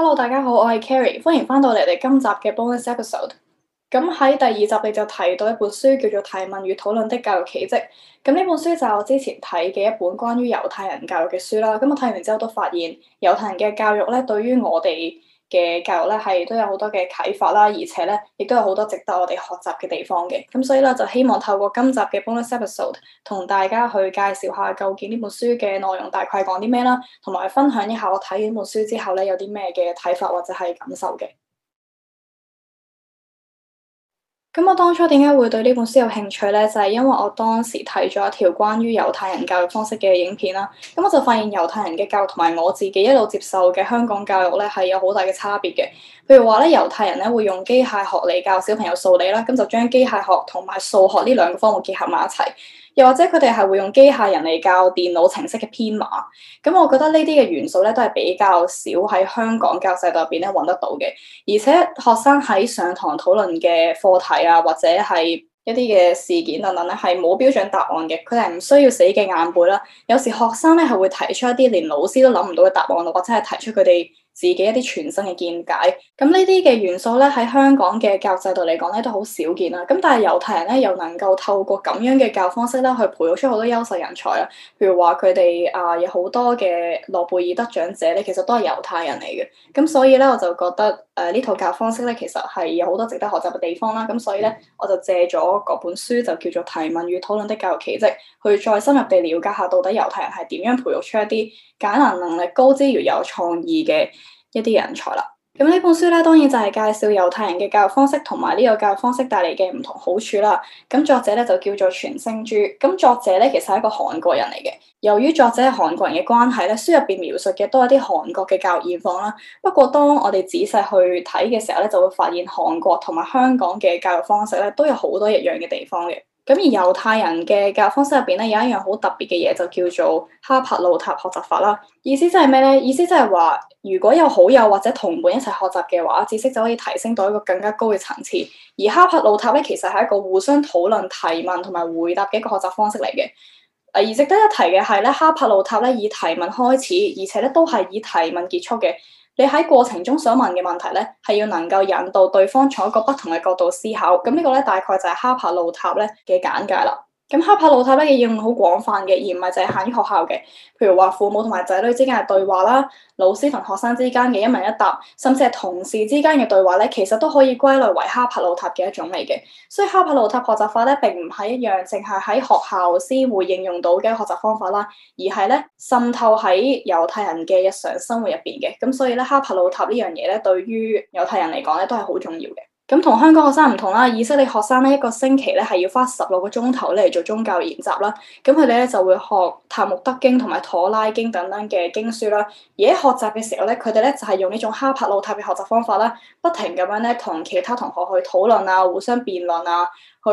Hello，大家好，我係 Carrie，歡迎翻到嚟。我哋今集嘅 Bonus Episode，咁喺第二集你就提到一本書叫做《提問與討論的教育奇蹟》，咁呢本書就係我之前睇嘅一本關於猶太人教育嘅書啦。咁我睇完之後都發現猶太人嘅教育咧，對於我哋。嘅教育咧，係都有好多嘅啟發啦，而且咧，亦都有好多值得我哋學習嘅地方嘅。咁所以咧，就希望透過今集嘅 Bonus Episode，同大家去介紹下究竟呢本書嘅內容大概講啲咩啦，同埋分享一下我睇完本書之後咧，有啲咩嘅睇法或者係感受嘅。咁我當初點解會對呢本書有興趣呢？就係因為我當時睇咗一條關於猶太人教育方式嘅影片啦。咁我就發現猶太人嘅教育同埋我自己一路接受嘅香港教育呢係有好大嘅差別嘅。譬如話咧，猶太人咧會用機械學嚟教小朋友數理啦，咁就將機械學同埋數學呢兩個科目結合埋一齊。又或者佢哋係會用機械人嚟教電腦程式嘅編碼，咁我覺得呢啲嘅元素咧都係比較少喺香港教育世代入邊咧搵得到嘅。而且學生喺上堂討論嘅課題啊，或者係一啲嘅事件等等咧，係冇標準答案嘅。佢哋唔需要死記硬背啦。有時學生咧係會提出一啲連老師都諗唔到嘅答案，或者係提出佢哋自己一啲全新嘅見解，咁呢啲嘅元素咧喺香港嘅教育制度嚟講咧都好少見啦。咁但係猶太人咧又能夠透過咁樣嘅教育方式咧去培育出好多優秀人才啊。譬如話佢哋啊有好多嘅諾貝爾得獎者咧，其實都係猶太人嚟嘅。咁所以咧我就覺得誒，呃，呢套教育方式咧其實係有好多值得學習嘅地方啦。咁所以咧我就借咗嗰本書就叫做《提問與討論的教育奇蹟》去再深入地了解下到底猶太人係點樣培育出一啲解難能力高之餘有創意嘅。一啲人才啦，咁呢本書咧，當然就係介紹猶太人嘅教育方式，同埋呢個教育方式帶嚟嘅唔同好處啦。咁作者咧就叫做全星珠，咁作者咧其實係一個韓國人嚟嘅。由於作者係韓國人嘅關係咧，書入邊描述嘅都係啲韓國嘅教育現況啦。不過當我哋仔細去睇嘅時候咧，就會發現韓國同埋香港嘅教育方式咧都有好多一樣嘅地方嘅。咁而猶太人嘅教育方式入邊咧，有一樣好特別嘅嘢，就叫做哈帕路塔學習法啦。意思即係咩咧？意思即係話，如果有好友或者同伴一齊學習嘅話，知識就可以提升到一個更加高嘅層次。而哈帕路塔咧，其實係一個互相討論、提問同埋回答嘅一個學習方式嚟嘅。而值得一提嘅係咧，哈帕路塔咧以提問開始，而且咧都係以提問結束嘅。你喺過程中想問嘅問題呢，係要能夠引導對方從一個不同嘅角度思考。咁呢個呢，大概就係哈帕路塔呢嘅簡介啦。咁哈帕魯塔咧嘅應用好廣泛嘅，而唔係就係限於學校嘅。譬如話父母同埋仔女之間嘅對話啦，老師同學生之間嘅一問一答，甚至係同事之間嘅對話咧，其實都可以歸類爲哈帕魯塔嘅一種嚟嘅。所以哈帕魯塔學習法咧，並唔係一樣淨係喺學校先會應用到嘅學習方法啦，而係咧滲透喺猶太人嘅日常生活入邊嘅。咁所以咧，哈帕魯塔呢樣嘢咧，對於猶太人嚟講咧，都係好重要嘅。咁同香港學生唔同啦，以色列學生咧一個星期咧係要花十六個鐘頭咧嚟做宗教研習啦。咁佢哋咧就會學《塔木德經》同埋《妥拉經》等等嘅經書啦。而喺學習嘅時候咧，佢哋咧就係用呢種哈帕魯塔嘅學習方法啦，不停咁樣咧同其他同學去討論啊，互相辯論啊。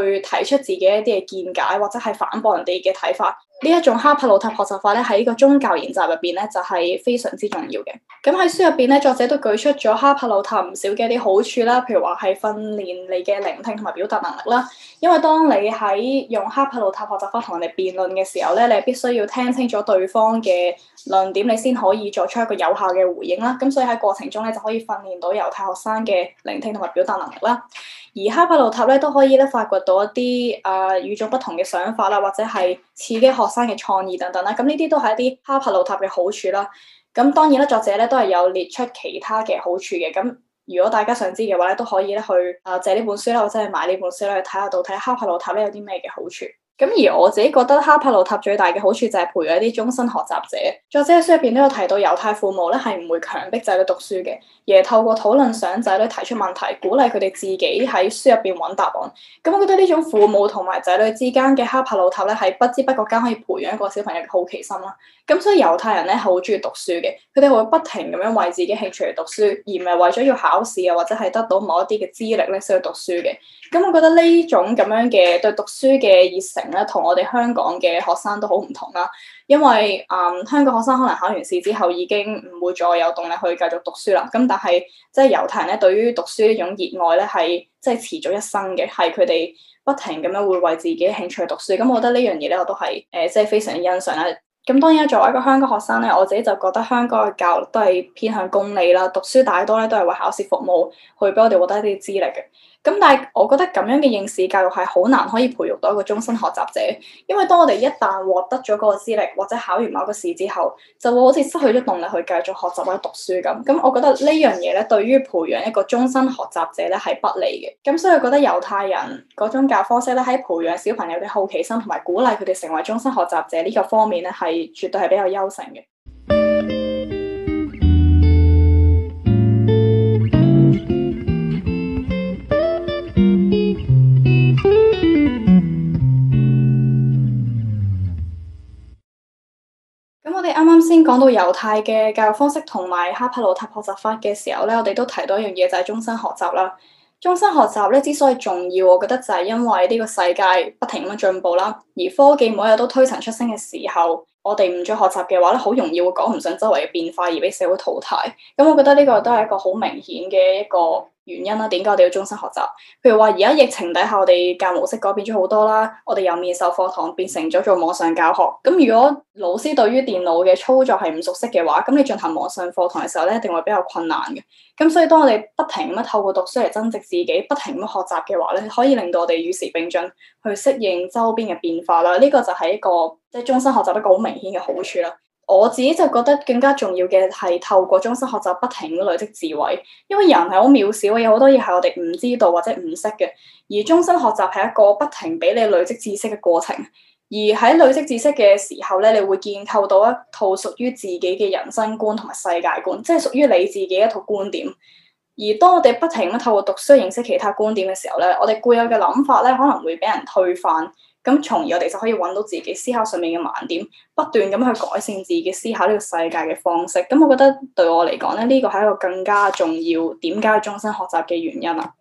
去提出自己一啲嘅見解，或者係反駁人哋嘅睇法。呢一種哈帕魯塔學習法咧，喺個宗教研習入邊咧，就係非常之重要嘅。咁喺書入邊咧，作者都舉出咗哈帕魯塔唔少嘅一啲好處啦，譬如話係訓練你嘅聆聽同埋表達能力啦。因為當你喺用哈帕魯塔學習法同人哋辯論嘅時候咧，你必須要聽清楚對方嘅論點，你先可以作出一個有效嘅回應啦。咁所以喺過程中咧，就可以訓練到猶太學生嘅聆聽同埋表達能力啦。而哈帕路塔咧都可以咧發掘到一啲啊、呃、與眾不同嘅想法啦，或者係刺激學生嘅創意等等啦。咁呢啲都係一啲哈帕路塔嘅好處啦。咁當然咧，作者咧都係有列出其他嘅好處嘅。咁如果大家想知嘅話咧，都可以咧去啊借呢本書啦，或者係買呢本書啦，去睇下度睇哈帕路塔咧有啲咩嘅好處。咁而我自己覺得哈帕路塔最大嘅好處就係培養一啲終身學習者。作者喺書入邊都有提到，猶太父母咧係唔會強迫仔女讀書嘅，而係透過討論想仔女提出問題，鼓勵佢哋自己喺書入邊揾答案。咁我覺得呢種父母同埋仔女之間嘅哈帕路塔咧，係不知不覺間可以培養一個小朋友嘅好奇心啦。咁所以猶太人咧係好中意讀書嘅，佢哋會不停咁樣為自己興趣嚟讀書，而唔係為咗要考試啊，或者係得到某一啲嘅資歷咧需要讀書嘅。咁、嗯、我覺得呢種咁樣嘅對讀書嘅熱誠咧，同我哋香港嘅學生都好唔同啦。因為誒、嗯、香港學生可能考完試之後已經唔會再有動力去繼續讀書啦。咁、嗯、但係即係猶太人咧，對於讀書呢種熱愛咧，係即係持續一生嘅，係佢哋不停咁樣會為自己興趣讀書。咁、嗯、我覺得呢樣嘢咧，我都係誒即係非常欣賞啦。咁、嗯、當然作為一個香港學生咧，我自己就覺得香港嘅教育都係偏向功利啦，讀書大多咧都係為考試服務，去俾我哋獲得一啲資歷嘅。咁但係，我覺得咁樣嘅應試教育係好難可以培育到一個終身學習者，因為當我哋一旦獲得咗嗰個資歷或者考完某個試之後，就會好似失去咗動力去繼續學習或者讀書咁。咁我覺得呢樣嘢咧，對於培養一個終身學習者咧係不利嘅。咁所以我覺得猶太人嗰種教科式咧，喺培養小朋友嘅好奇心同埋鼓勵佢哋成為終身學習者呢個方面咧，係絕對係比較優勝嘅。講到猶太嘅教育方式同埋哈帕魯塔學習法嘅時候咧，我哋都提到一樣嘢就係、是、終身學習啦。終身學習咧之所以重要，我覺得就係因為呢個世界不停咁樣進步啦，而科技每日都推陳出新嘅時候，我哋唔再學習嘅話咧，好容易會趕唔上周圍嘅變化而俾社會淘汰。咁我覺得呢個都係一個好明顯嘅一個。原因啦，點解我哋要終身學習？譬如話而家疫情底下，我哋教模式改變咗好多啦，我哋由面授課堂變成咗做網上教學。咁如果老師對於電腦嘅操作係唔熟悉嘅話，咁你進行網上課堂嘅時候咧，一定會比較困難嘅。咁所以當我哋不停咁樣透過讀書嚟增值自己，不停咁學習嘅話咧，可以令到我哋與時並進，去適應周邊嘅變化啦。呢個就係一個即係終身學習一個好明顯嘅好處啦。我自己就覺得更加重要嘅係透過終身學習不停累積智慧，因為人係好渺小，有好多嘢係我哋唔知道或者唔識嘅。而終身學習係一個不停俾你累積知識嘅過程。而喺累積知識嘅時候咧，你會建構到一套屬於自己嘅人生觀同埋世界觀，即係屬於你自己一套觀點。而當我哋不停咁透過讀書認識其他觀點嘅時候咧，我哋固有嘅諗法咧可能會俾人推翻。咁，從而我哋就可以揾到自己思考上面嘅盲點，不斷咁去改善自己思考呢個世界嘅方式。咁，我覺得對我嚟講咧，呢個係一個更加重要點解要終身學習嘅原因啦。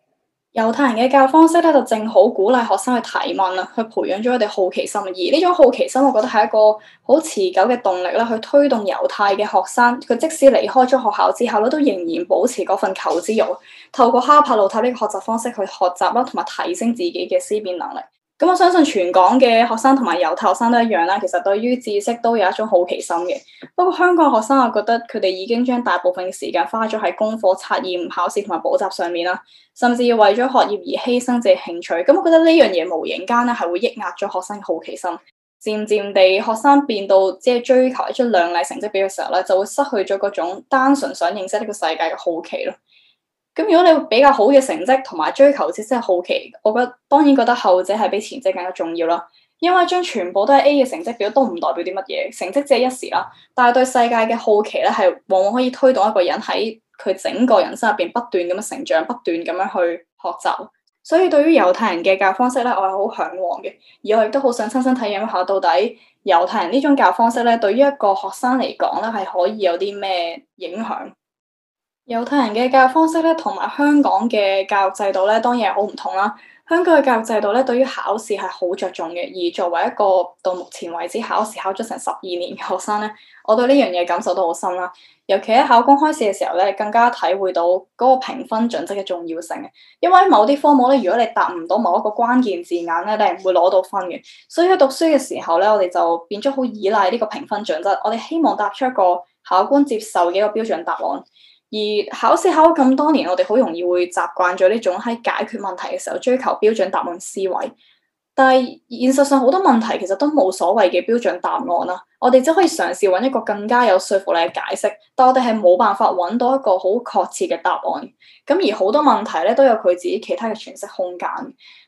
猶太人嘅教育方式咧，就正好鼓勵學生去提問啦，去培養咗我哋好奇心。而呢種好奇心，我覺得係一個好持久嘅動力啦，去推動猶太嘅學生，佢即使離開咗學校之後咧，都仍然保持嗰份求知欲。透過哈柏路塔呢個學習方式去學習啦，同埋提升自己嘅思辨能力。咁我相信全港嘅學生同埋猶太學生都一樣啦。其實對於知識都有一種好奇心嘅。不過香港學生我覺得佢哋已經將大部分嘅時間花咗喺功課、測驗、考試同埋補習上面啦。甚至要為咗學業而犧牲自己興趣。咁我覺得呢樣嘢無形間咧係會抑壓咗學生嘅好奇心。漸漸地學生變到即係追求一張亮麗成績表嘅時候咧，就會失去咗嗰種單純想認識一個世界嘅好奇咯。咁如果你比較好嘅成績同埋追求，即係好奇，我覺得當然覺得後者係比前者更加重要啦。因為將全部都係 A 嘅成績表都唔代表啲乜嘢，成績只係一時啦。但係對世界嘅好奇咧，係往往可以推動一個人喺佢整個人生入邊不斷咁樣成長，不斷咁樣去學習。所以對於猶太人嘅教育方式咧，我係好嚮往嘅，而我亦都好想親身體驗一下到底猶太人呢種教育方式咧，對於一個學生嚟講咧，係可以有啲咩影響？猶太人嘅教育方式咧，同埋香港嘅教育制度咧，當然係好唔同啦。香港嘅教育制度咧，對於考試係好着重嘅。而作為一個到目前為止考試考咗成十二年嘅學生咧，我對呢樣嘢感受都好深啦。尤其喺考公開試嘅時候咧，更加體會到嗰個評分準則嘅重要性嘅。因為某啲科目咧，如果你答唔到某一個關鍵字眼咧，你係唔會攞到分嘅。所以喺讀書嘅時候咧，我哋就變咗好依賴呢個評分準則。我哋希望答出一個考官接受嘅一個標準答案。而考試考咗咁多年，我哋好容易會習慣咗呢種喺解決問題嘅時候追求標準答案思維，但係現實上好多問題其實都冇所謂嘅標準答案啦。我哋只可以嘗試揾一個更加有說服力嘅解釋，但我哋係冇辦法揾到一個好確切嘅答案。咁而好多問題咧，都有佢自己其他嘅詮釋空間。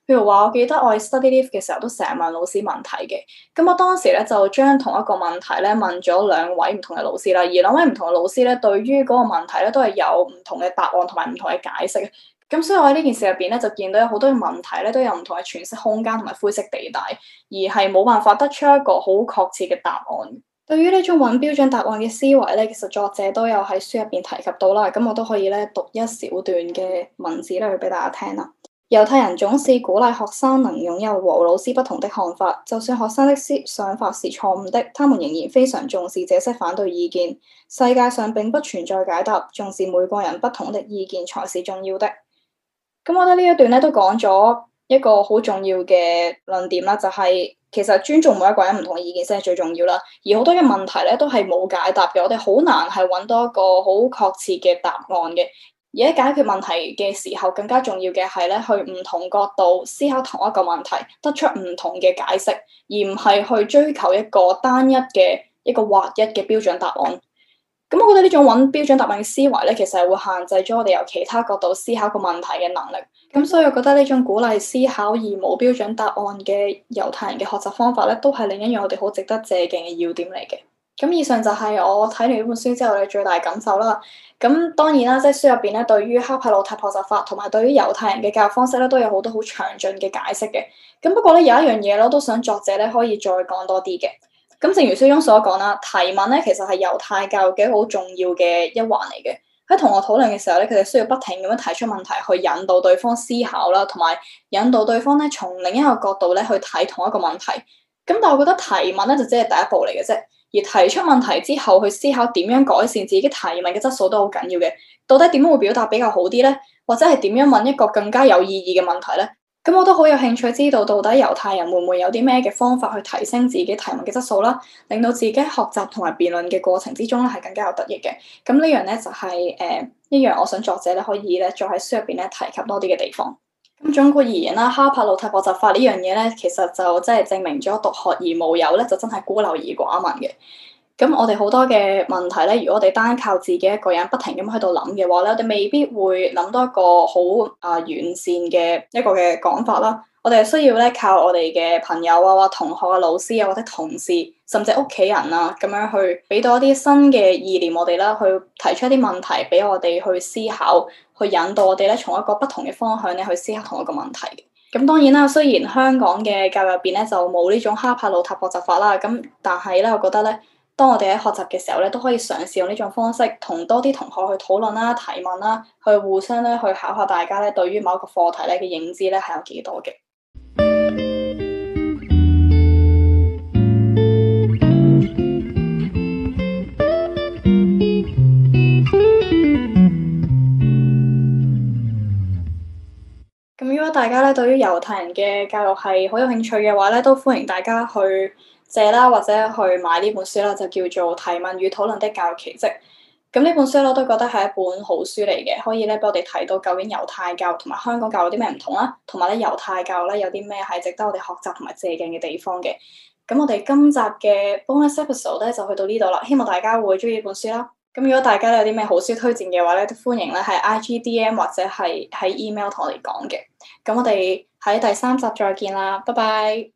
譬如話，我記得我喺 study leave 嘅時候都成日問老師問題嘅。咁我當時咧就將同一個問題咧問咗兩位唔同嘅老師啦。而兩位唔同嘅老師咧對於嗰個問題咧都係有唔同嘅答案同埋唔同嘅解釋嘅。咁所以我喺呢件事入邊咧就見到有好多嘅問題咧都有唔同嘅詮釋空間同埋灰色地帶，而係冇辦法得出一個好確切嘅答案。對於呢種揾標準答案嘅思維咧，其實作者都有喺書入邊提及到啦。咁我都可以咧讀一小段嘅文字咧去俾大家聽啦。猶太人總是鼓勵學生能擁有和老師不同的看法，就算學生的思想法是錯誤的，他們仍然非常重視這些反對意見。世界上並不存在解答，重視每個人不同的意見才是重要的。咁、嗯、我覺得呢一段咧都講咗一個好重要嘅論點啦，就係、是、其實尊重每一個人唔同嘅意見先係最重要啦。而好多嘅問題咧都係冇解答嘅，我哋好難係揾到一個好確切嘅答案嘅。而喺解決問題嘅時候，更加重要嘅係咧，去唔同角度思考同一個問題，得出唔同嘅解釋，而唔係去追求一個單一嘅一個劃一嘅標準答案。咁、嗯，嗯嗯、我覺得呢種揾標準答案嘅思維咧，其實係會限制咗我哋由其他角度思考個問題嘅能力。咁所以，我覺得呢種鼓勵思考而冇標準答案嘅猶太人嘅學習方法咧，都係另一樣我哋好值得借鏡嘅要點嚟嘅。咁以上就係我睇完呢本書之後嘅最大感受啦。咁當然啦，即係書入邊咧，對於哈帕露塔學習法同埋對於猶太人嘅教育方式咧，都有好多好詳盡嘅解釋嘅。咁不過咧，有一樣嘢咧，都想作者咧可以再講多啲嘅。咁正如書中所講啦，提問咧其實係猶太教育嘅好重要嘅一環嚟嘅。喺同學討論嘅時候咧，佢哋需要不停咁樣提出問題去引導對方思考啦，同埋引導對方咧從另一個角度咧去睇同一個問題。咁但係我覺得提問咧就只係第一步嚟嘅啫。而提出問題之後，去思考點樣改善自己提問嘅質素都好緊要嘅。到底點樣會表達比較好啲呢？或者係點樣問一個更加有意義嘅問題呢？咁我都好有興趣知道，到底猶太人會唔會有啲咩嘅方法去提升自己提問嘅質素啦？令到自己喺學習同埋辯論嘅過程之中咧，係更加有得益嘅。咁呢樣呢，就係、是、誒、呃、一樣，我想作者咧可以咧再喺書入邊咧提及多啲嘅地方。咁總括而言啦，《哈帕路泰學習法》呢樣嘢咧，其實就即係證明咗獨學而無友咧，就真係孤陋而寡聞嘅。咁我哋好多嘅問題咧，如果我哋單靠自己一個人不停咁喺度諗嘅話咧，我哋未必會諗到一個好啊完善嘅一個嘅講法啦。我哋係需要咧靠我哋嘅朋友啊、同學啊、老師啊或者同事，甚至屋企人啊，咁樣去俾多一啲新嘅意念我哋啦，去提出一啲問題俾我哋去思考，去引導我哋咧從一個不同嘅方向咧去思考同一個問題。咁當然啦，雖然香港嘅教育入邊咧就冇呢種哈帕路塔學習法啦，咁但係咧我覺得咧，當我哋喺學習嘅時候咧都可以嘗試用呢種方式，同多啲同學去討論啦、提問啦，去互相咧去考下大家咧對於某一個課題咧嘅認知咧係有幾多嘅。咧，對於猶太人嘅教育係好有興趣嘅話咧，都歡迎大家去借啦，或者去買呢本書啦，就叫做《提問與討論的教育奇蹟》。咁呢本書咧，我都覺得係一本好書嚟嘅，可以咧俾我哋睇到究竟猶太教育同埋香港教育有啲咩唔同啦，同埋咧猶太教育咧有啲咩係值得我哋學習同埋借鏡嘅地方嘅。咁我哋今集嘅 Bonus Episode 咧就去到呢度啦，希望大家會中意呢本書啦。咁如果大家有啲咩好書推薦嘅話咧，都歡迎咧喺 IGDM 或者係喺 email 同我哋講嘅。咁我哋喺第三集再見啦，拜拜。